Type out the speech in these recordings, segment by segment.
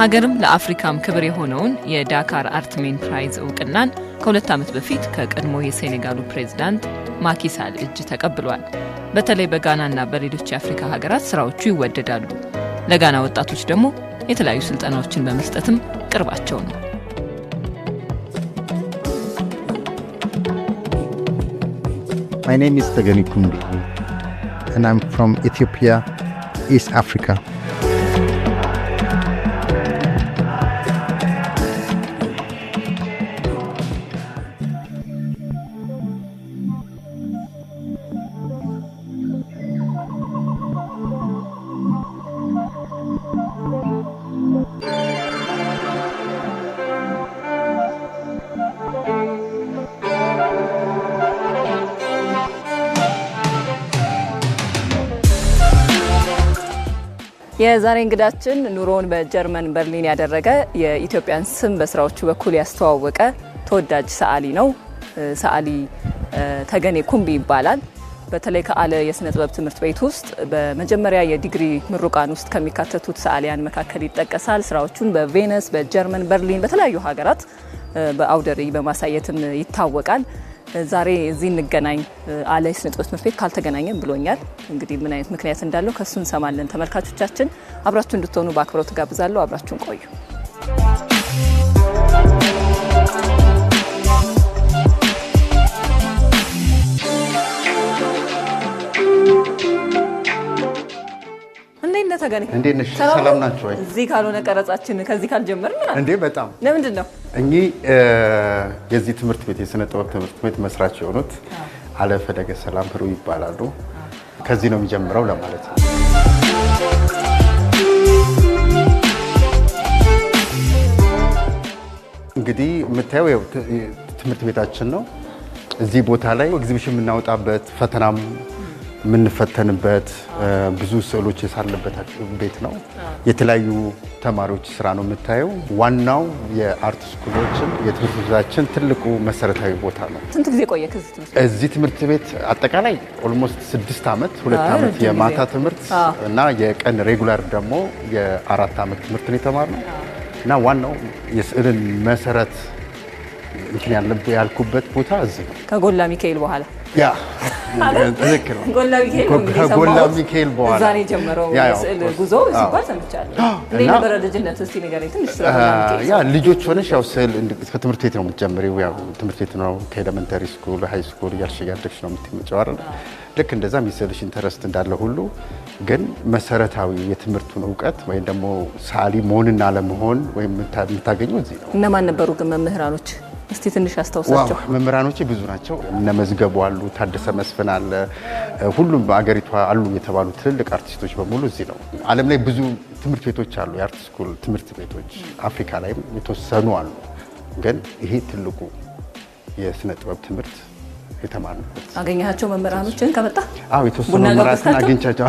ለሀገርም ለአፍሪካም ክብር የሆነውን የዳካር አርትሜን ፕራይዝ እውቅናን ከሁለት ዓመት በፊት ከቀድሞ የሴኔጋሉ ፕሬዝዳንት ማኪሳል እጅ ተቀብሏል። በተለይ በጋናና በሌሎች የአፍሪካ ሀገራት ስራዎቹ ይወደዳሉ። ለጋና ወጣቶች ደግሞ የተለያዩ ስልጠናዎችን በመስጠትም ቅርባቸው ነው። ማይ ኔም is ተገኒ ኩንዴ and I'm from Ethiopia, East የዛሬ እንግዳችን ኑሮውን በጀርመን በርሊን ያደረገ የኢትዮጵያን ስም በስራዎቹ በኩል ያስተዋወቀ ተወዳጅ ሰዓሊ ነው። ሰዓሊ ተገኔ ኩምቢ ይባላል። በተለይ ከአለ የስነ ጥበብ ትምህርት ቤት ውስጥ በመጀመሪያ የዲግሪ ምሩቃን ውስጥ ከሚካተቱት ሰዓሊያን መካከል ይጠቀሳል። ስራዎቹን በቬነስ፣ በጀርመን በርሊን፣ በተለያዩ ሀገራት በአውደሪ በማሳየትም ይታወቃል። ዛሬ እዚህ እንገናኝ አለ የስነ ጥበብ ትምህርት ቤት ካልተገናኘን ብሎኛል። እንግዲህ ምን አይነት ምክንያት እንዳለው ከሱ እንሰማለን። ተመልካቾቻችን አብራችሁ እንድትሆኑ በአክብረው ትጋብዛለሁ። አብራችሁን ቆዩ። ተገኔ እንዴት ነሽ? ሰላም ናችሁ ወይ? እዚህ ካልሆነ ቀረጻችን ከዚህ ካልጀመርን እንዴ በጣም ለምንድን ነው እኚህ የዚህ ትምህርት ቤት የስነ ጥበብ ትምህርት ቤት መስራች የሆኑት አለፈለገ ሰላም ብሩ ይባላሉ። ከዚህ ነው የሚጀምረው ለማለት ነው። እንግዲህ የምታየው ትምህርት ቤታችን ነው። እዚህ ቦታ ላይ ኤግዚቢሽን የምናወጣበት ፈተናም የምንፈተንበት ብዙ ስዕሎች የሳለበት ቤት ነው። የተለያዩ ተማሪዎች ስራ ነው የምታየው። ዋናው የአርት ስኩሎችን የትምህርት ቤታችን ትልቁ መሰረታዊ ቦታ ነው። ስንት ጊዜ ቆየ እዚህ ትምህርት ቤት? አጠቃላይ ኦልሞስት ስድስት ዓመት፣ ሁለት ዓመት የማታ ትምህርት እና የቀን ሬጉላር ደግሞ የአራት ዓመት ትምህርት ነው የተማርነው እና ዋናው የስዕልን መሰረት እንትን ያልኩበት ቦታ እዚህ ነው። ከጎላ ሚካኤል በኋላ ያ ልክ ነው። ጎላ ሚካኤል በኋላ እዛ ነው የጀመረው ስዕል ጉዞ ሲባል ሰምቻለሁ። እንዴት ነበረ ልጅነት? እስቲ ንገረኝ ትንሽ ስለ ጎላ ሚካኤል። ያ ልጆች ሆነሽ ያው ስዕል ከትምህርት ቤት ነው የምትጀምሪው። ያው ትምህርት ቤት ነው ከኤሌመንተሪ ስኩል፣ ሀይ ስኩል እያልሽ እያደግሽ ነው የምትመጪው አይደል? ልክ እንደዛ የሚስልሽ ኢንተረስት እንዳለ ሁሉ ግን መሰረታዊ የትምህርቱን እውቀት ወይም ደግሞ ሳሊ መሆንና አለመሆን ወይም የምታገኘው እዚህ ነው። እነማን ነበሩ ግን መምህራኖች? እስቲ ትንሽ አስታውሳቸው። መምህራኖቼ ብዙ ናቸው። እነ መዝገቡ አሉ፣ ታደሰ መስፍን አለ፣ ሁሉም በአገሪቷ አሉ የተባሉ ትልልቅ አርቲስቶች በሙሉ እዚህ ነው። ዓለም ላይ ብዙ ትምህርት ቤቶች አሉ፣ የአርት ስኩል ትምህርት ቤቶች አፍሪካ ላይም የተወሰኑ አሉ። ግን ይሄ ትልቁ የስነ ጥበብ ትምህርት የተማርንበት። አገኘሃቸው መምህራኖችን ከመጣ? አዎ የተወሰኑ መምህራትን አግኝቻቸው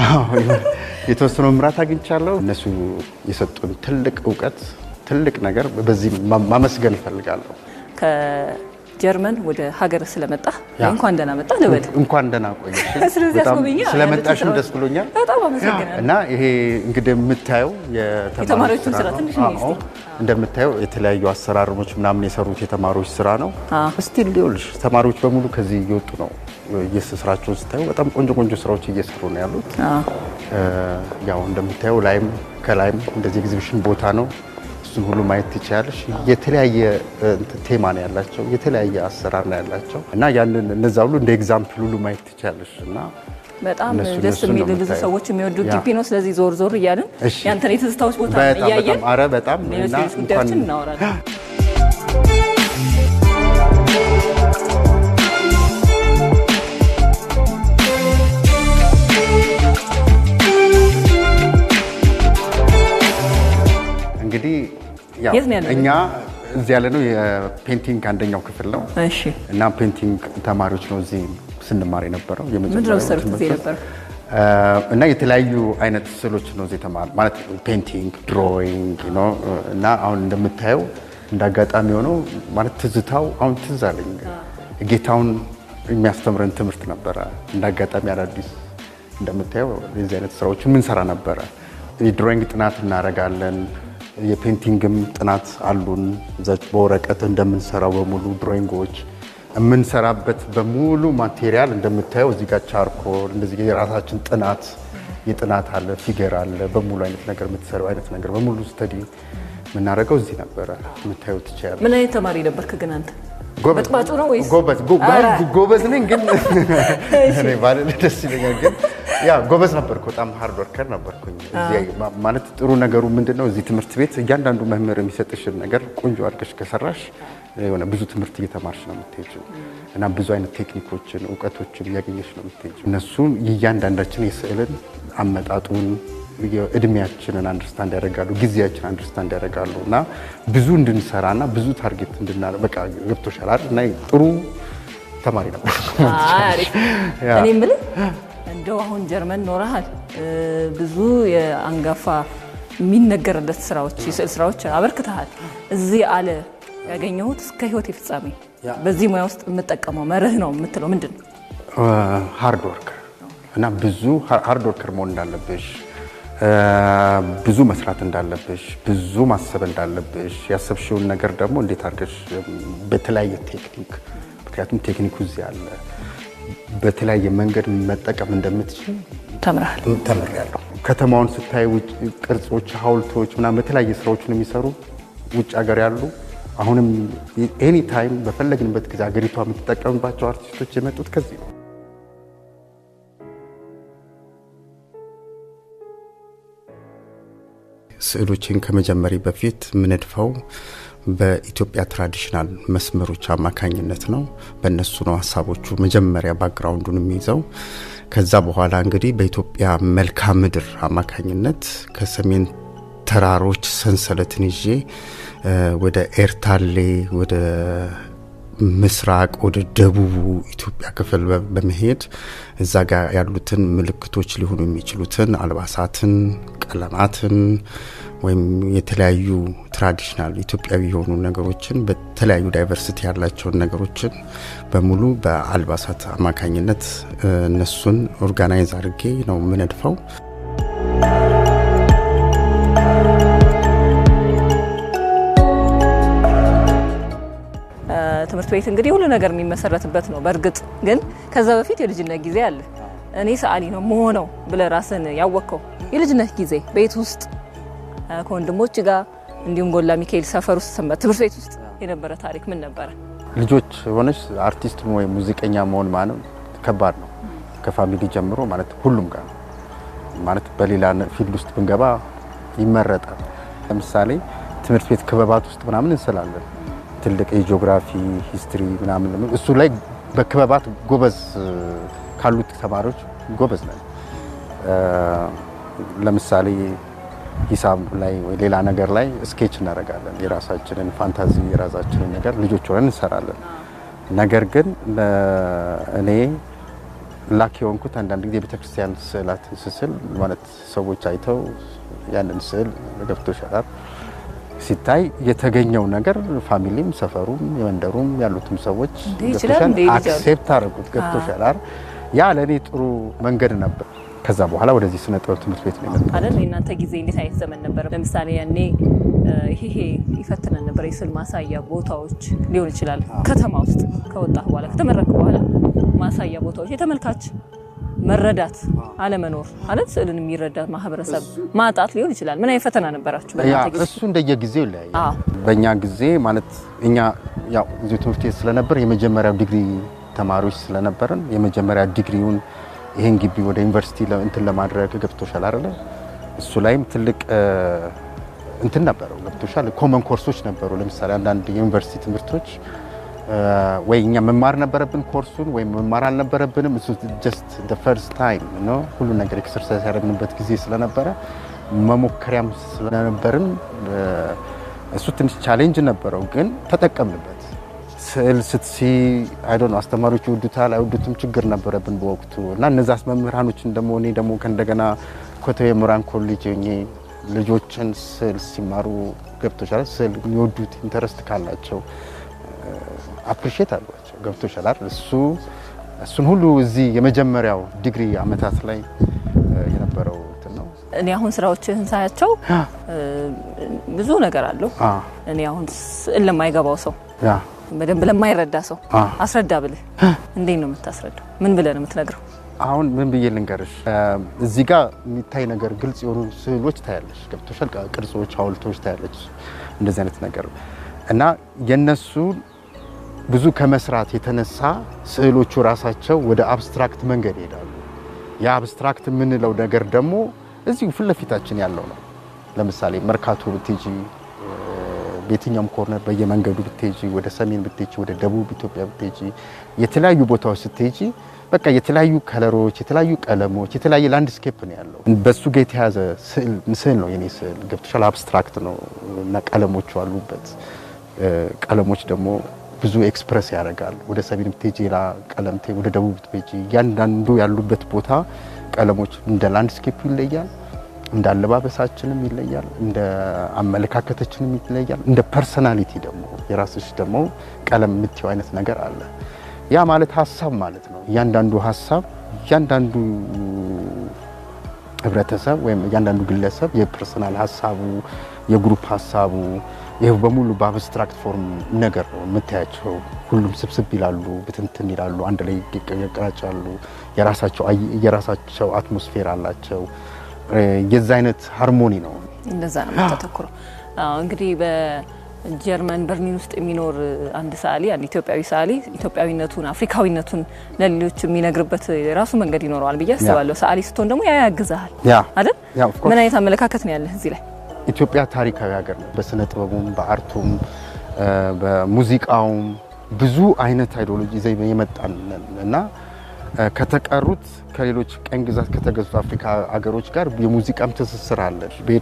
የተወሰኑ መምህራት አግኝቻለሁ። እነሱ የሰጡን ትልቅ እውቀት፣ ትልቅ ነገር በዚህ ማመስገን እፈልጋለሁ። ከጀርመን ወደ ሀገር ስለመጣ እንኳን ደህና መጣ ልበል። እንኳን ደህና ቆየሽ። ስለዚህ አስጎብኛ ስለመጣሽም ደስ ብሎኛል። በጣም አመሰግናለሁ። እና ይሄ እንግዲህ የምታየው የተማሪዎቹን ስራ ትንሽ እንደምታየው የተለያዩ አሰራሮች ምናምን የሰሩት የተማሪዎች ስራ ነው። እስቲ ሊሆልሽ ተማሪዎች በሙሉ ከዚህ እየወጡ ነው። ስራቸውን ስታዩ በጣም ቆንጆ ቆንጆ ስራዎች እየሰሩ ነው ያሉት። ያው እንደምታየው ላይም ከላይም እንደዚህ ኤግዚቢሽን ቦታ ነው እሱን ሁሉ ማየት ትችያለሽ። የተለያየ ቴማ ነው ያላቸው፣ የተለያየ አሰራር ነው ያላቸው እና ያንን እነዛ ሁሉ እንደ ኤግዛምፕል ሁሉ ማየት ትችያለሽ እና በጣም ደስ የሚል ብዙ ሰዎች የሚወዱ ግቢ ነው። ስለዚህ ዞር ዞር እያልን ያንተን የትዝታዎች ቦታ እያየን ኧረ በጣም ሌሎች ጉዳዮችን እናወራለን። እንግዲህ እኛ እዚህ ያለ ነው የፔንቲንግ አንደኛው ክፍል ነው እና ፔንቲንግ ተማሪዎች ነው እዚህ ስንማር የነበረው እና የተለያዩ አይነት ስዕሎች ነው እዚህ ተማር ማለት ፔንቲንግ፣ ድሮይንግ እና አሁን እንደምታየው እንደ ሆነው ማለት ትዝታው አሁን ትዝ አለኝ ጌታውን የሚያስተምረን ትምህርት ነበረ። እንዳጋጣሚ አጋጣሚ አዳዲስ እንደምታየው የዚህ አይነት ስራዎች የምንሰራ ነበረ። ድሮይንግ ጥናት እናደርጋለን። የፔንቲንግም ጥናት አሉን። በወረቀት እንደምንሰራው በሙሉ ድሮይንጎች የምንሰራበት በሙሉ ማቴሪያል እንደምታየው እዚህ ጋር ቻርኮል እንደዚህ የራሳችን ጥናት የጥናት አለ፣ ፊገር አለ። በሙሉ አይነት ነገር የምትሰራው አይነት ነገር በሙሉ ስተዲ የምናደርገው እዚህ ነበረ። የምታየው ትችያለ። ምን አይነት ተማሪ ነበርክ ግን አንተ? ጎበዝ ጎበዝ ጎበዝ ነኝ ግን ባለ ደስ ይለኛል ግን ያ ጎበዝ ነበርኩ። በጣም ሃርድ ወርከር ነበርኩኝ። ማለት ጥሩ ነገሩ ምንድን ነው? እዚህ ትምህርት ቤት እያንዳንዱ መምህር የሚሰጥሽን ነገር ቆንጆ አድርገሽ ከሰራሽ የሆነ ብዙ ትምህርት እየተማርሽ ነው የምትሄጂው እና ብዙ አይነት ቴክኒኮችን እውቀቶችን እያገኘሽ ነው የምትሄጂው። እነሱም የእያንዳንዳችን የስዕልን አመጣጡን እድሜያችንን አንደርስታንድ ያደርጋሉ፣ ጊዜያችን አንደርስታንድ ያደርጋሉ እና ብዙ እንድንሰራ እና ብዙ ታርጌት እንድና በቃ ገብቶሻል እና ጥሩ ተማሪ ነበር። እኔ እንደው አሁን ጀርመን ኖረሃል፣ ብዙ የአንጋፋ የሚነገርለት ስራዎች የስዕል ስራዎች አበርክተሃል። እዚህ አለ ያገኘሁት እስከ ህይወት የፍጻሜ በዚህ ሙያ ውስጥ የምጠቀመው መርህ ነው የምትለው ምንድን ነው? ሀርድ ወርከር እና ብዙ ሀርድ ወርከር መሆን እንዳለብሽ፣ ብዙ መስራት እንዳለብሽ፣ ብዙ ማሰብ እንዳለብሽ፣ ያሰብሽውን ነገር ደግሞ እንዴት አድርገሽ በተለያየ ቴክኒክ ምክንያቱም ቴክኒኩ እዚህ አለ በተለያየ መንገድ መጠቀም እንደምትችል ተምራል ተምሬያለሁ። ከተማውን ስታይ ውጭ ቅርጾች፣ ሀውልቶች ምናምን በተለያየ ስራዎችን የሚሰሩ ውጭ ሀገር ያሉ አሁንም ኤኒ ታይም በፈለግንበት ጊዜ ሀገሪቷ የምትጠቀምባቸው አርቲስቶች የመጡት ከዚህ ነው። ስዕሎችን ከመጀመሪ በፊት ምነድፈው በኢትዮጵያ ትራዲሽናል መስመሮች አማካኝነት ነው። በእነሱ ነው ሀሳቦቹ መጀመሪያ ባክግራውንዱን የሚይዘው። ከዛ በኋላ እንግዲህ በኢትዮጵያ መልክዓ ምድር አማካኝነት ከሰሜን ተራሮች ሰንሰለትን ይዤ ወደ ኤርታሌ፣ ወደ ምስራቅ፣ ወደ ደቡቡ ኢትዮጵያ ክፍል በመሄድ እዛ ጋር ያሉትን ምልክቶች ሊሆኑ የሚችሉትን አልባሳትን፣ ቀለማትን ወይም የተለያዩ ትራዲሽናል ኢትዮጵያዊ የሆኑ ነገሮችን በተለያዩ ዳይቨርሲቲ ያላቸውን ነገሮችን በሙሉ በአልባሳት አማካኝነት እነሱን ኦርጋናይዝ አድርጌ ነው የምነድፈው። ትምህርት ቤት እንግዲህ ሁሉ ነገር የሚመሰረትበት ነው። በእርግጥ ግን ከዛ በፊት የልጅነት ጊዜ አለ። እኔ ሰዓሊ ነው መሆነው ብለ ራስን ያወቅከው የልጅነት ጊዜ ቤት ውስጥ ከወንድሞች ጋር እንዲሁም ጎላ ሚካኤል ሰፈር ውስጥ ትምህርት ቤት ውስጥ የነበረ ታሪክ ምን ነበረ? ልጆች ሆነች አርቲስት ወይ ሙዚቀኛ መሆን ማለት ከባድ ነው። ከፋሚሊ ጀምሮ ማለት ሁሉም ጋር ነው ማለት በሌላ ፊልድ ውስጥ ብንገባ ይመረጣል። ለምሳሌ ትምህርት ቤት ክበባት ውስጥ ምናምን እንስላለን። ትልቅ የጂኦግራፊ ሂስትሪ ምናምን እሱ ላይ በክበባት ጎበዝ ካሉት ተማሪዎች ጎበዝ ነን። ለምሳሌ ሂሳብ ላይ ወይ ሌላ ነገር ላይ ስኬች እናደርጋለን። የራሳችንን ፋንታዚ የራሳችንን ነገር ልጆች ሆነን እንሰራለን። ነገር ግን እኔ ላክ የሆንኩት አንዳንድ ጊዜ የቤተክርስቲያን ስዕላትን ስስል ማለት ሰዎች አይተው ያንን ስዕል ገብቶ ይሸጣል ሲታይ የተገኘው ነገር ፋሚሊም፣ ሰፈሩም፣ የመንደሩም ያሉትም ሰዎች አክሴፕት አደረጉት። ገብቶ ይሸጣል። ያ ለእኔ ጥሩ መንገድ ነበር። ከዛ በኋላ ወደዚህ ስነ ጥበብ ትምህርት ቤት ነው የመጣሁት አይደል። የእናንተ ጊዜ እንዴት አይነት ዘመን ነበር? ለምሳሌ ያኔ ይሄ ይፈትነን ነበር፣ የስዕል ማሳያ ቦታዎች ሊሆን ይችላል። ከተማ ውስጥ ከወጣ በኋላ ከተመረክ በኋላ ማሳያ ቦታዎች የተመልካች መረዳት አለመኖር አለት ስዕልን የሚረዳ ማህበረሰብ ማጣት ሊሆን ይችላል። ምን አይነት ፈተና ነበራችሁ? እሱ እንደየጊዜው ይለያያል። በእኛ ጊዜ ማለት እኛ ያው እዚሁ ትምህርት ቤት ስለነበር የመጀመሪያው ዲግሪ ተማሪዎች ስለነበርን የመጀመሪያ ዲግሪውን ይህን ግቢ ወደ ዩኒቨርሲቲ እንትን ለማድረግ ገብቶሻል አይደለ? እሱ ላይም ትልቅ እንትን ነበረው። ገብቶሻል። ኮመን ኮርሶች ነበሩ። ለምሳሌ አንዳንድ የዩኒቨርሲቲ ትምህርቶች ወይ እኛ መማር ነበረብን ኮርሱን ወይም መማር አልነበረብንም። እሱ ጀስት ደ ፈርስት ታይም ነው ሁሉ ነገር ኤክሰርሳይዝ ያደረግንበት ጊዜ ስለነበረ መሞከሪያም ስለነበርን እሱ ትንሽ ቻሌንጅ ነበረው፣ ግን ተጠቀምንበት። ስዕል ስትሲ አይዶ ነው አስተማሪዎች ይወዱታል አይወዱትም ችግር ነበረብን በወቅቱ እና እነዛ መምህራኖችን ደሞ እኔ ደግሞ ከእንደገና ኮተቤ የምራን ኮሌጅ ሆኜ ልጆችን ስዕል ሲማሩ ገብቶሻል ስዕል የሚወዱት ኢንተረስት ካላቸው አፕሪሽት uh, አሏቸው ገብቶሻል አይደል እሱ እሱን ሁሉ እዚህ የመጀመሪያው ዲግሪ አመታት ላይ uh, የነበረው እኔ አሁን ስራዎችህን ሳያቸው uh, ብዙ ነገር አለው። እኔ አሁን ስዕል ለማይገባው ሰው በደንብ ለማይረዳ ሰው አስረዳ ብልህ እንዴት ነው የምታስረዳው? ምን ብለህ ነው የምትነግረው? አሁን ምን ብዬ ልንገርሽ፣ እዚህ ጋር የሚታይ ነገር ግልጽ የሆኑ ስዕሎች ታያለች፣ ገብቶሻል? ቅርጾች፣ ሀውልቶች ታያለች፣ እንደዚህ አይነት ነገር እና የነሱ ብዙ ከመስራት የተነሳ ስዕሎቹ ራሳቸው ወደ አብስትራክት መንገድ ይሄዳሉ። የአብስትራክት የምንለው ነገር ደግሞ እዚሁ ፊት ለፊታችን ያለው ነው። ለምሳሌ መርካቶ ብትጂ በየትኛውም ኮርነር በየመንገዱ ብትሄጂ፣ ወደ ሰሜን ብትሄጂ፣ ወደ ደቡብ ኢትዮጵያ ብትሄጂ፣ የተለያዩ ቦታዎች ስትሄጂ በቃ የተለያዩ ከለሮች፣ የተለያዩ ቀለሞች፣ የተለያየ ላንድስኬፕ ነው ያለው። በሱ ጋር የተያዘ ስዕል ነው የኔ ስዕል። ገብቶሻል? አብስትራክት ነው እና ቀለሞቹ አሉበት። ቀለሞች ደግሞ ብዙ ኤክስፕረስ ያደርጋል። ወደ ሰሜን ብትሄጂ ሌላ ቀለም፣ ወደ ደቡብ ብትሄጂ እያንዳንዱ ያሉበት ቦታ ቀለሞች እንደ ላንድስኬፕ ይለያል። እንደ አለባበሳችንም ይለያል፣ እንደ አመለካከታችንም ይለያል። እንደ ፐርሰናሊቲ ደግሞ የራስሽ ደግሞ ቀለም የምትየው አይነት ነገር አለ። ያ ማለት ሀሳብ ማለት ነው። እያንዳንዱ ሀሳብ እያንዳንዱ ህብረተሰብ ወይም እያንዳንዱ ግለሰብ የፐርሰናል ሀሳቡ የግሩፕ ሀሳቡ ይህ በሙሉ በአብስትራክት ፎርም ነገር ነው የምታያቸው። ሁሉም ስብስብ ይላሉ፣ ብትንትን ይላሉ፣ አንድ ላይ ይቀራጫሉ። የራሳቸው አትሞስፌር አላቸው። የዛ አይነት ሃርሞኒ ነው። እንደዛ ነው የምታተኩረው። እንግዲህ በጀርመን በርሊን ውስጥ የሚኖር አንድ ሰዓሊ፣ አንድ ኢትዮጵያዊ ሰዓሊ ኢትዮጵያዊነቱን አፍሪካዊነቱን ለሌሎች የሚነግርበት የራሱ መንገድ ይኖረዋል ብዬ አስባለሁ። ሰዓሊ ስትሆን ደግሞ ያ ያግዝሃል አይደል? ምን አይነት አመለካከት ነው ያለህ እዚህ ላይ? ኢትዮጵያ ታሪካዊ ሀገር ነው። በስነ ጥበቡም በአርቱም በሙዚቃውም ብዙ አይነት አይዲዮሎጂ ዘይ የመጣን እና ከተቀሩት ከሌሎች ቀኝ ግዛት ከተገዙት አፍሪካ ሀገሮች ጋር የሙዚቃም ትስስር አለ።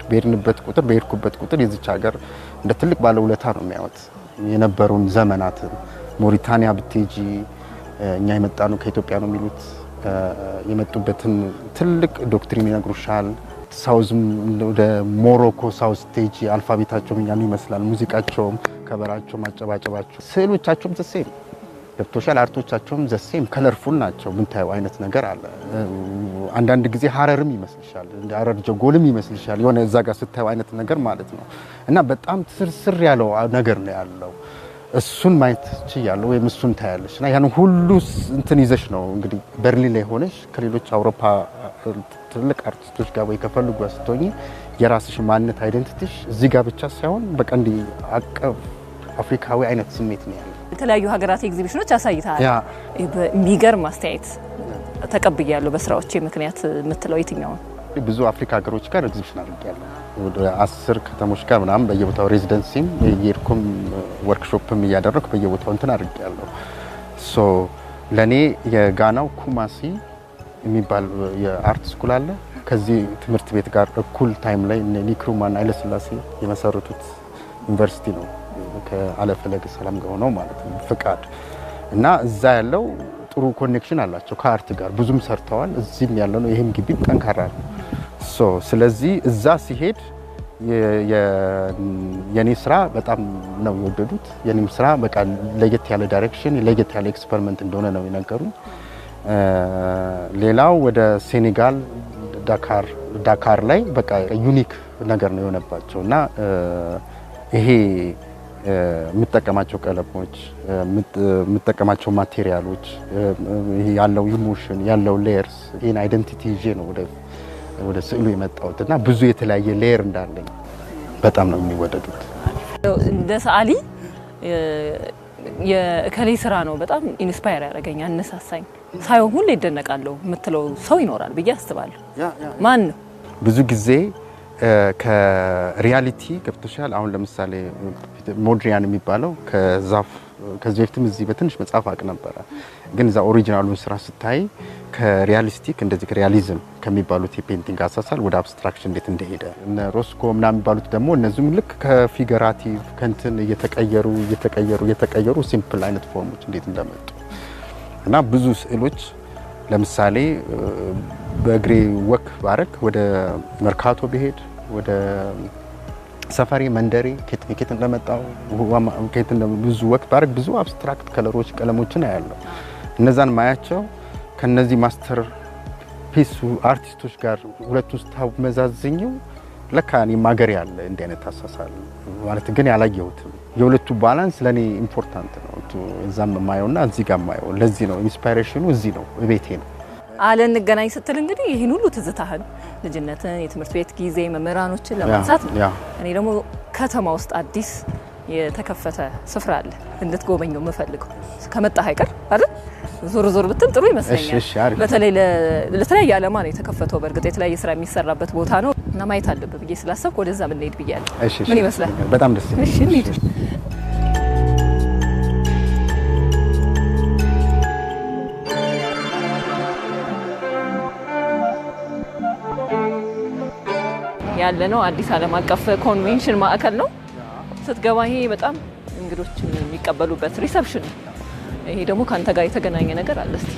በሄድንበት ቁጥር በሄድኩበት ቁጥር የዚች ሀገር እንደ ትልቅ ባለውለታ ነው የሚያዩት። የነበረውን ዘመናትን ሞሪታኒያ ብቴጂ እኛ የመጣ ነው ከኢትዮጵያ ነው የሚሉት። የመጡበትን ትልቅ ዶክትሪን ይነግሩሻል። ሳውዝም ወደ ሞሮኮ ሳውዝ ስቴጅ አልፋቤታቸውም እኛ ይመስላል። ሙዚቃቸውም፣ ከበራቸውም፣ አጨባጨባቸው፣ ስዕሎቻቸውም ትሴ ነው ገብቶሻል። አርቶቻቸውም ዘሴም ከለርፉል ናቸው። ምንታየው አይነት ነገር አለ። አንዳንድ ጊዜ ሀረርም ይመስልሻል፣ ሀረር ጀጎልም ይመስልሻል። የሆነ እዛ ጋር ስታየው አይነት ነገር ማለት ነው። እና በጣም ስርስር ያለው ነገር ነው ያለው። እሱን ማየት ችያለሁ፣ ወይም እሱን ታያለች። እና ያን ሁሉ እንትን ይዘሽ ነው እንግዲህ በርሊን ላይ ሆነሽ ከሌሎች አውሮፓ ትልቅ አርቲስቶች ጋር ወይ ከፈልጉ ስትሆኝ የራስሽ ማንነት አይደንቲቲሽ እዚህ ጋር ብቻ ሳይሆን በቀንድ አቀፍ አፍሪካዊ አይነት ስሜት ነው ያለ የተለያዩ ሀገራት ኤግዚቢሽኖች አሳይተሃል። የሚገርም አስተያየት ተቀብያለሁ በስራዎቼ ምክንያት የምትለው የትኛውን? ብዙ አፍሪካ ሀገሮች ጋር ኤግዚቢሽን አድርጌያለሁ። ወደ አስር ከተሞች ጋር ምናምን በየቦታው ሬዚደንሲም የሄድኩም ወርክሾፕም እያደረኩ በየቦታው እንትን አድርጌያለሁ። ሶ ለእኔ የጋናው ኩማሲ የሚባል የአርት ስኩል አለ። ከዚህ ትምህርት ቤት ጋር እኩል ታይም ላይ ኒክሩማና ኃይለስላሴ የመሰረቱት ዩኒቨርሲቲ ነው። ከአለፈለገ ሰላም ጋር ሆነው ማለት ነው ፍቃድ እና እዛ ያለው ጥሩ ኮኔክሽን አላቸው ከአርት ጋር ብዙም ሰርተዋል። እዚህም ያለው ነው። ይህም ግቢ ጠንካራ ነው። ስለዚህ እዛ ሲሄድ የኔ ስራ በጣም ነው የወደዱት። የኔም ስራ በቃ ለየት ያለ ዳይሬክሽን፣ ለየት ያለ ኤክስፐሪመንት እንደሆነ ነው የነገሩኝ። ሌላው ወደ ሴኔጋል ዳካር ላይ በቃ ዩኒክ ነገር ነው የሆነባቸው እና ይሄ የምጠቀማቸው ቀለሞች፣ የምጠቀማቸው ማቴሪያሎች፣ ያለው ኢሞሽን ያለው ሌየርስ ይህን አይደንቲቲ ይዤ ነው ወደ ስዕሉ የመጣሁት እና ብዙ የተለያየ ሌየር እንዳለኝ በጣም ነው የሚወደዱት። እንደ ሰዓሊ የእከሌ ስራ ነው በጣም ኢንስፓየር ያደረገኝ አነሳሳኝ። ሳይሆን ሁሌ ይደነቃለሁ የምትለው ሰው ይኖራል ብዬ አስባለሁ። ማን ነው ብዙ ጊዜ ከሪያሊቲ ገብቶሻል። አሁን ለምሳሌ ሞድሪያን የሚባለው ከዛፍ ከዚህ በፊትም እዚህ በትንሽ መጽሐፍ አቅ ነበረ፣ ግን እዛ ኦሪጂናሉን ስራ ስታይ ከሪያሊስቲክ እንደዚህ ሪያሊዝም ከሚባሉት የፔንቲንግ አሳሳል ወደ አብስትራክሽን እንዴት እንደሄደ እነ ሮስኮ ምና የሚባሉት ደግሞ እነዚህም ልክ ከፊገራቲቭ ከንትን እየተቀየሩ እየተቀየሩ እየተቀየሩ ሲምፕል አይነት ፎርሞች እንዴት እንደመጡ እና ብዙ ስዕሎች ለምሳሌ በእግሬ ወክ ባረግ ወደ መርካቶ ብሄድ ወደ ሰፈሬ መንደሬ ኬት ኬት እንደመጣው እንደ ብዙ ወቅት ባደርግ ብዙ አብስትራክት ከለሮች ቀለሞችን አያለሁ። እነዛን ማያቸው ከነዚህ ማስተር ፒስ አርቲስቶች ጋር ሁለቱን ስታመዛዝኘው ለካ እኔም ማገር ያለ እንዲህ አይነት አሳሳል ማለት ግን ያላየሁትም የሁለቱ ባላንስ ለእኔ ኢምፖርታንት ነው። እዛም የማየውና እዚህ ጋር የማየው ለዚህ ነው ኢንስፓይሬሽኑ እዚህ ነው፣ እቤቴ ነው። አለን እንገናኝ ስትል እንግዲህ ይህን ሁሉ ትዝታህን ልጅነትን፣ የትምህርት ቤት ጊዜ፣ መምህራኖችን ለማንሳት ነው። እኔ ደግሞ ከተማ ውስጥ አዲስ የተከፈተ ስፍራ አለ እንድትጎበኘው የምፈልገው ከመጣህ አይቀር አይደል ዞር ዞር ብትል ጥሩ ይመስለኛል። በተለይ ለተለያየ ዓላማ ነው የተከፈተው። በእርግጥ የተለያየ ስራ የሚሰራበት ቦታ ነው እና ማየት አለብህ ብዬ ስላሰብክ ወደዛ ምንሄድ ብያለሁ። ምን ይመስላል? በጣም ደስ ያለ ነው። አዲስ ዓለም አቀፍ ኮንቬንሽን ማዕከል ነው። ስትገባ ይሄ በጣም እንግዶችን የሚቀበሉበት ሪሰፕሽን ይሄ ደግሞ ከአንተ ጋር የተገናኘ ነገር አለ። እስኪ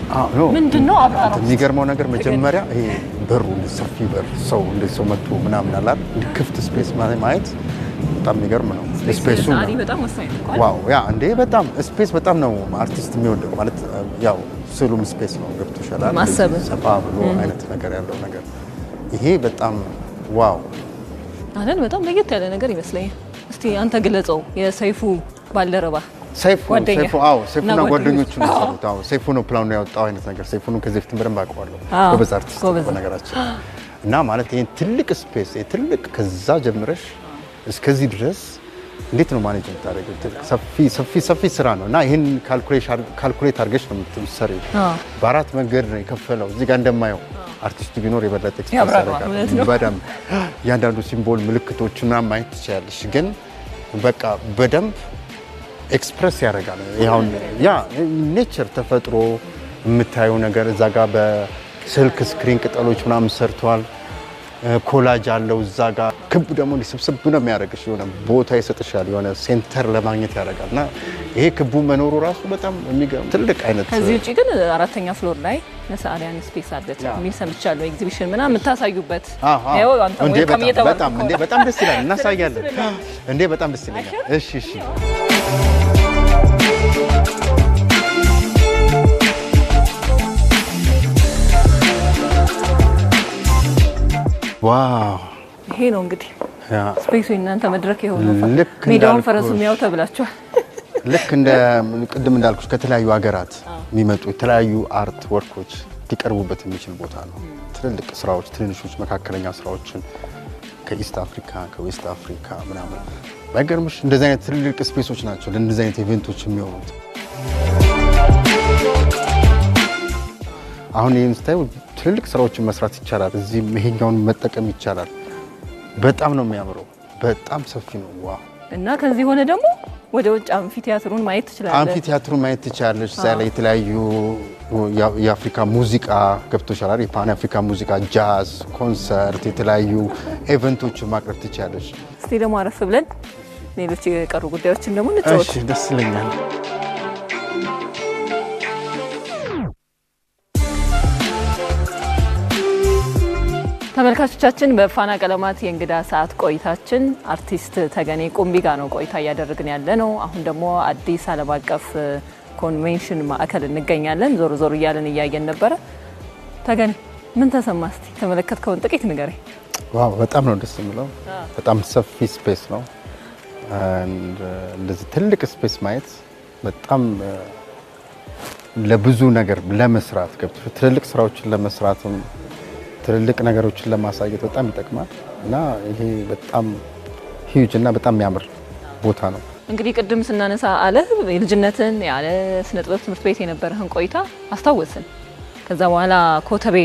ምንድን ነው አብራራ። የሚገርመው ነገር መጀመሪያ ይሄ በሩ ሰፊ በር ሰው እንደ ሰው መጥቶ ምናምን አላል ክፍት ስፔስ ማየት በጣም የሚገርም ነው። ስፔሱ ዋው ያ እንዴ በጣም ስፔስ በጣም ነው አርቲስት የሚወደው ማለት ያው ስሉም ስፔስ ነው ገብቶሻል። ሰፋ ብሎ አይነት ነገር ያለው ነገር ይሄ በጣም ዋው አለን በጣም ለየት ያለ ነገር ይመስለኛል። እስቲ አንተ ግለጸው። የሰይፉ ባልደረባ ሰይፉ አዎ፣ ሰይፉ ነው ጓደኞቹ ነው ሰሩት። አዎ፣ ሰይፉ ነው ፕላኑ ያወጣው አይነት ነገር። ሰይፉ ከዚህ በፊት በደንብ አውቀዋለሁ። ጎበዝ አርቲስት ነው እና ማለት ይሄን ትልቅ ስፔስ ትልቅ ከዛ ጀምረሽ እስከዚህ ድረስ እንዴት ነው ማኔጅ የምታደርገው? ሰፊ ሰፊ ስራ ነው እና ይህን ካልኩሌት አድርገሽ ነው የምትሰሪ። በአራት መንገድ ነው የከፈለው። እዚህ ጋር እንደማየው አርቲስቱ ቢኖር የበለጠ በደምብ እያንዳንዱ ሲምቦል ምልክቶች ምልክቶችና ማየት ትችላለች ግን በቃ በደንብ ኤክስፕረስ ያደርጋል። ይሁን ያ ኔቸር ተፈጥሮ የምታየው ነገር እዛ ጋር በስልክ ስክሪን ቅጠሎች ምናምን ሰርተዋል። ኮላጅ አለው እዛ ጋር ክብ ደግሞ ሊስብስብ ነው የሚያደርግሽ። የሆነ ቦታ ይሰጥሻል፣ የሆነ ሴንተር ለማግኘት ያደርጋል እና ይሄ ክቡ መኖሩ ራሱ በጣም የሚገርም ትልቅ አይነት። ከዚህ ውጭ ግን አራተኛ ፍሎር ላይ ነሳሪያን ስፔስ አለች የሚል ሰምቻለሁ። ኤግዚቢሽን ምናምን የምታሳዩበት በጣም ደስ ይላል። እናሳያለን እንዴ፣ በጣም ደስ ይለኛል። እሺ እሺ ዋው ይሄ ነው እንግዲህ ስፔሱ እናንተ መድረክ የሆነው ሜዳውን ፈረሱ የሚያው ተብላችኋል። ልክ እንደ ቅድም እንዳልኩሽ ከተለያዩ ሀገራት የሚመጡ የተለያዩ አርት ወርኮች ሊቀርቡበት የሚችል ቦታ ነው። ትልልቅ ስራዎች፣ ትንንሾች፣ መካከለኛ ስራዎችን ከኢስት አፍሪካ ከዌስት አፍሪካ ምናምን ባይገርምሽ እንደዚህ አይነት ትልልቅ ስፔሶች ናቸው ለእንደዚህ አይነት ኢቨንቶች የሚሆኑት። አሁን ይህም ስታይ ትልልቅ ስራዎችን መስራት ይቻላል። እዚህ ይሄኛውን መጠቀም ይቻላል። በጣም ነው የሚያምረው። በጣም ሰፊ ነው። ዋ እና ከዚህ ሆነ ደግሞ ወደ ውጭ አንፊቲያትሩን ማየት ትችላለች። አንፊቲያትሩን ማየት ትችላለች። እዛ ላይ የተለያዩ የአፍሪካ ሙዚቃ ገብቶሻል። የፓን አፍሪካ ሙዚቃ፣ ጃዝ፣ ኮንሰርት፣ የተለያዩ ኤቨንቶችን ማቅረብ ትችላለች። እስቲ ደግሞ አረፍ ብለን ሌሎች የቀሩ ጉዳዮችን ደግሞ እንጫወት። ደስ ይለኛል። ተመልካቾቻችን በፋና ቀለማት የእንግዳ ሰዓት ቆይታችን አርቲስት ተገኔ ቁምቢ ጋ ነው ቆይታ እያደረግን ያለ ነው። አሁን ደግሞ አዲስ ዓለም አቀፍ ኮንቬንሽን ማዕከል እንገኛለን። ዞሮ ዞሮ እያለን እያየን ነበረ። ተገኔ ምን ተሰማ? እስቲ ተመለከትከውን ጥቂት ንገረኝ። ዋው በጣም ነው ደስ የሚለው። በጣም ሰፊ ስፔስ ነው። እንደዚህ ትልቅ ስፔስ ማየት በጣም ለብዙ ነገር ለመስራት ገብቶ ትልልቅ ስራዎችን ለመስራትም ትልልቅ ነገሮችን ለማሳየት በጣም ይጠቅማል እና ይሄ በጣም ሂዩጅ እና በጣም የሚያምር ቦታ ነው። እንግዲህ ቅድም ስናነሳ አለ የልጅነትን ያለ ስነ ጥበብ ትምህርት ቤት የነበረህን ቆይታ አስታወስን። ከዛ በኋላ ኮተቤ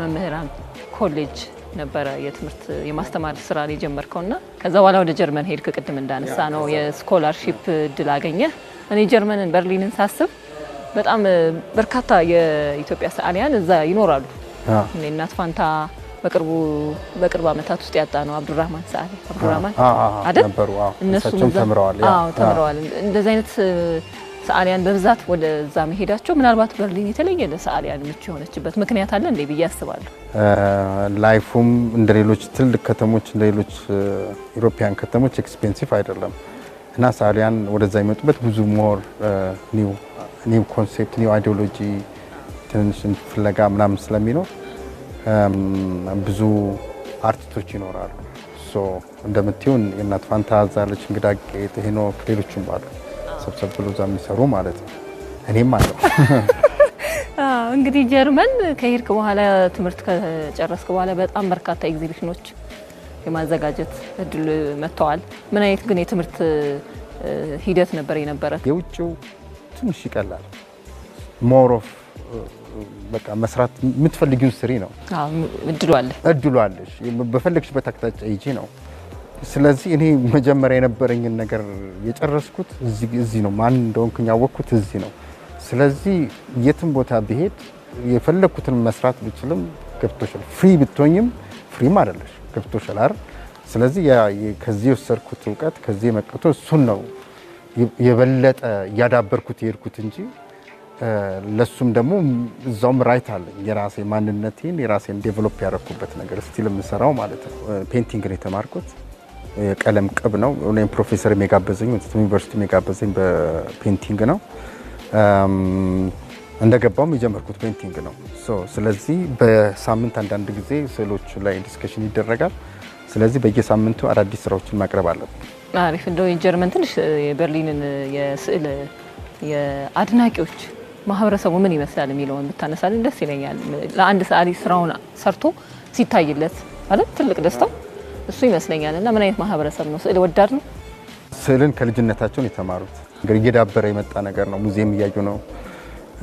መምህራን ኮሌጅ ነበረ የትምህርት የማስተማር ስራ ላይ ጀመርከው እና ከዛ በኋላ ወደ ጀርመን ሄድክ። ቅድም እንዳነሳ ነው የስኮላርሺፕ እድል አገኘ እኔ ጀርመንን በርሊንን ሳስብ በጣም በርካታ የኢትዮጵያ ሰዓሊያን እዛ ይኖራሉ እናት ፋንታ በቅርቡ በቅርብ ዓመታት ውስጥ ያጣ ነው። አብዱራህማን ሰዓሊ አብዱራህማን አይደል ነበሩ። እነሱም ተምረዋል። አዎ ተምረዋል። እንደዚህ አይነት ሰዓሊያን በብዛት ወደዛ መሄዳቸው ምናልባት በርሊን የተለየ ለሰዓሊያን ምቹ የሆነችበት ምክንያት አለ እንዴ ብዬ አስባለሁ። ላይፉም እንደ ሌሎች ትልቅ ከተሞች እንደ ሌሎች ከተሞች ኤክስፔንሲቭ አይደለም እና ሰዓሊያን ወደዛ የሚመጡበት ብዙ ሞር ኒው ኮንሴፕት ኒው አይዲዮሎጂ ትንሽ ፍለጋ ምናምን ስለሚኖር ብዙ አርቲስቶች ይኖራሉ። እንደምትሆን የእናት ፋንታ አዛለች፣ እንግዳ ጌጥ ሄኖክ ሌሎችም አሉ ሰብሰብ ብሎ እዛ የሚሰሩ ማለት ነው። እኔም አለው እንግዲህ ጀርመን ከሄድክ በኋላ ትምህርት ከጨረስክ በኋላ በጣም በርካታ ኤግዚቢሽኖች የማዘጋጀት እድል መጥተዋል። ምን አይነት ግን የትምህርት ሂደት ነበር የነበረ? የውጭው ትንሽ ይቀላል ሞር ኦፍ በቃ መስራት የምትፈልጊውን ስሪ ነው። እድሉ አለ አለሽ በፈለግሽበት አቅጣጫ ሂጂ ነው። ስለዚህ እኔ መጀመሪያ የነበረኝን ነገር የጨረስኩት እዚህ ነው። ማን እንደሆንኩኝ ያወቅኩት እዚህ ነው። ስለዚህ የትም ቦታ ብሄድ የፈለግኩትን መስራት ብችልም ገብቶሻል። ፍሪ ብትሆኝም ፍሪም አይደለሽ ገብቶሻል አይደል? ስለዚህ ከዚህ የወሰድኩት እውቀት ከዚህ የመቀቶ እሱን ነው የበለጠ እያዳበርኩት የሄድኩት እንጂ ለሱም ደግሞ እዛውም ራይት አለኝ የራሴ ማንነቴን የራሴን ዴቨሎፕ ያደረኩበት ነገር ስቲል የምሰራው ማለት ነው። ነው የተማርኩት የቀለም ቅብ ነው። እኔም ፕሮፌሰር ወይ ዩኒቨርሲቲ የሚጋበዘኝ በፔንቲንግ ነው። እንደገባውም የጀመርኩት ፔንቲንግ ነው። ስለዚህ በሳምንት አንዳንድ ጊዜ ስዕሎቹ ላይ ዲስከሽን ይደረጋል። ስለዚህ በየሳምንቱ አዳዲስ ስራዎችን ማቅረብ አለብን። አሪፍ እንደው የጀርመን ትንሽ የበርሊንን የስዕል የአድናቂዎች ማህበረሰቡ ምን ይመስላል የሚለውን ብታነሳልን ደስ ይለኛል። ለአንድ ሰዓሊ ስራውን ሰርቶ ሲታይለት ማለት ትልቅ ደስታው እሱ ይመስለኛል። እና ምን አይነት ማህበረሰብ ነው? ስዕል ወዳድ ነው። ስዕልን ከልጅነታቸውን የተማሩት እንግዲህ እየዳበረ የመጣ ነገር ነው። ሙዚየም እያዩ ነው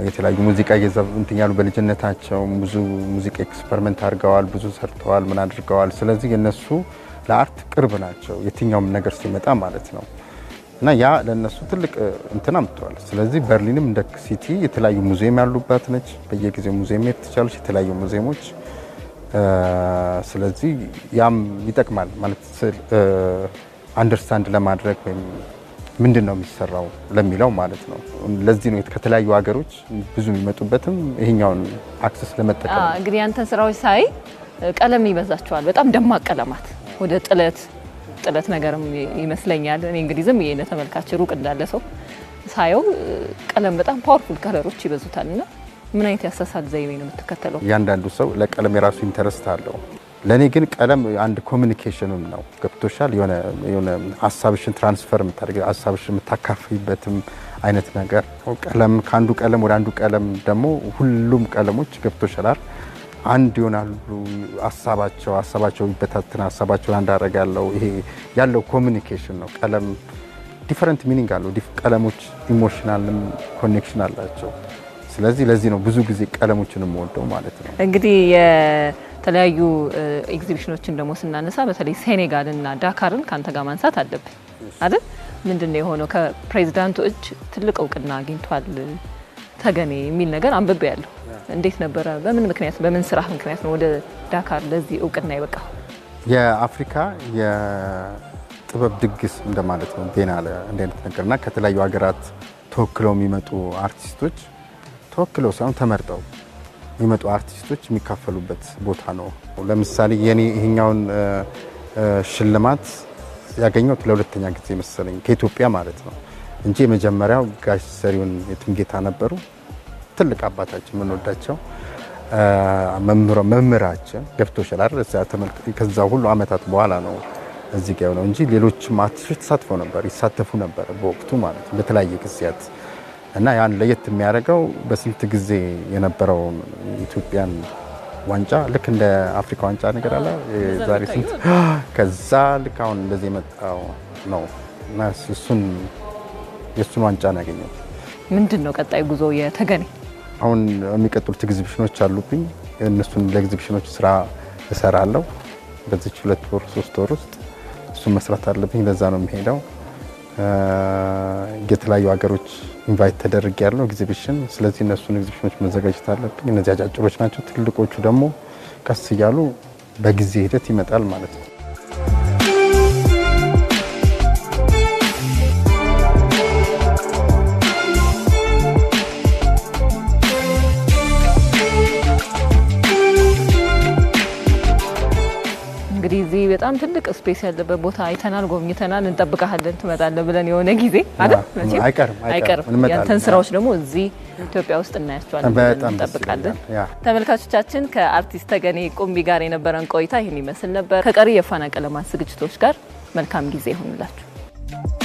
የተለያዩ ሙዚቃ እየዘብ እንትን ያሉ በልጅነታቸው ብዙ ሙዚቃ ኤክስፐሪመንት አድርገዋል፣ ብዙ ሰርተዋል፣ ምን አድርገዋል። ስለዚህ የነሱ ለአርት ቅርብ ናቸው፣ የትኛውም ነገር ሲመጣ ማለት ነው። እና ያ ለእነሱ ትልቅ እንትን አምጥተዋል። ስለዚህ በርሊንም እንደ ሲቲ የተለያዩ ሙዚየም ያሉባት ነች። በየጊዜው ሙዚየም መሄድ የተለያዩ ሙዚየሞች። ስለዚህ ያም ይጠቅማል ማለት አንደርስታንድ ለማድረግ ወይም ምንድን ነው የሚሰራው ለሚለው ማለት ነው። ለዚህ ነው ከተለያዩ ሀገሮች ብዙ የሚመጡበትም ይሄኛውን አክሰስ ለመጠቀም። እንግዲህ ያንተን ስራዎች ሳይ ቀለም ይበዛቸዋል፣ በጣም ደማቅ ቀለማት ወደ ጥለት ጥለት ነገርም ይመስለኛል። እኔ እንግዲህ ዝም ይሄ ተመልካች ሩቅ እንዳለ ሰው ሳየው ቀለም በጣም ፓወርፉል ከለሮች ይበዙታል እና ምን አይነት ያሳሳል ዘይቤ ነው የምትከተለው? እያንዳንዱ ሰው ለቀለም የራሱ ኢንተረስት አለው። ለእኔ ግን ቀለም አንድ ኮሚኒኬሽንም ነው። ገብቶሻል? የሆነ ሀሳብሽን ትራንስፈር የምታደርጊ ሀሳብሽን የምታካፍይበትም አይነት ነገር ቀለም ከአንዱ ቀለም ወደ አንዱ ቀለም ደግሞ ሁሉም ቀለሞች ገብቶሻል አንድ ይሆናሉ። ሀሳባቸው ሀሳባቸው ይበታትን ሀሳባቸው አንድ አደርጋለሁ። ይሄ ያለው ኮሚኒኬሽን ነው። ቀለም ዲፈረንት ሚኒንግ አለው። ቀለሞች ኢሞሽናልም ኮኔክሽን አላቸው። ስለዚህ ለዚህ ነው ብዙ ጊዜ ቀለሞችን የምወደው ማለት ነው። እንግዲህ የተለያዩ ኤግዚቢሽኖችን ደግሞ ስናነሳ በተለይ ሴኔጋል እና ዳካርን ከአንተ ጋር ማንሳት አለብን አይደል? ምንድን ነው የሆነው? ከፕሬዚዳንቱ እጅ ትልቅ እውቅና አግኝቷል። ተገኔ የሚል ነገር አንብቤ ያለሁ። እንዴት ነበረ? በምን ምክንያት በምን ስራ ምክንያት ነው ወደ ዳካር ለዚህ እውቅና ይበቃ? የአፍሪካ የጥበብ ድግስ እንደማለት ነው ዜና እንዲህ አይነት ነገር እና ከተለያዩ ሀገራት ተወክለው የሚመጡ አርቲስቶች ተወክለው ሳይሆን ተመርጠው የሚመጡ አርቲስቶች የሚካፈሉበት ቦታ ነው። ለምሳሌ የኔ ይሄኛውን ሽልማት ያገኘሁት ለሁለተኛ ጊዜ መሰለኝ ከኢትዮጵያ ማለት ነው እንጂ የመጀመሪያው ጋሽ ዘሪሁን የትምጌታ ነበሩ። ትልቅ አባታችን የምንወዳቸው መምህራችን ገብቶሻል አይደል? ከዛ ሁሉ አመታት በኋላ ነው እዚህ ጋር ነው እንጂ ሌሎችም አርቲስቶች ተሳትፎ ነበር ይሳተፉ ነበር በወቅቱ ማለት በተለያየ ጊዜያት እና ያን ለየት የሚያደርገው በስንት ጊዜ የነበረውን ኢትዮጵያን ዋንጫ ልክ እንደ አፍሪካ ዋንጫ ነገር አለ ዛሬ ስንት ከዛ ልክ አሁን እንደዚህ የመጣው ነው እና እሱን የእሱን ዋንጫ ነው ያገኘው። ምንድን ነው ቀጣይ ጉዞ የተገኔ? አሁን የሚቀጥሉት ኤግዚቢሽኖች አሉብኝ። እነሱን ለኤግዚቢሽኖች ስራ እሰራለሁ። በዚች ሁለት ወር ሶስት ወር ውስጥ እሱን መስራት አለብኝ። ለዛ ነው የሚሄደው። የተለያዩ ሀገሮች ኢንቫይት ተደርግ ያለው ኤግዚቢሽን። ስለዚህ እነሱን ኤግዚቢሽኖች መዘጋጀት አለብኝ። እነዚህ አጫጭሮች ናቸው። ትልቆቹ ደግሞ ቀስ እያሉ በጊዜ ሂደት ይመጣል ማለት ነው። እንግዲህ እዚህ በጣም ትልቅ ስፔስ ያለበት ቦታ አይተናል፣ ጎብኝተናል። እንጠብቀሃለን ትመጣለ ብለን የሆነ ጊዜ አይቀርም ያንተን ስራዎች ደግሞ እዚህ ኢትዮጵያ ውስጥ እናያቸዋለን እንጠብቃለን። ተመልካቾቻችን ከአርቲስት ተገኔ ቁምቢ ጋር የነበረን ቆይታ ይህን ይመስል ነበር። ከቀሪ የፋና ቀለማት ዝግጅቶች ጋር መልካም ጊዜ ይሆንላችሁ።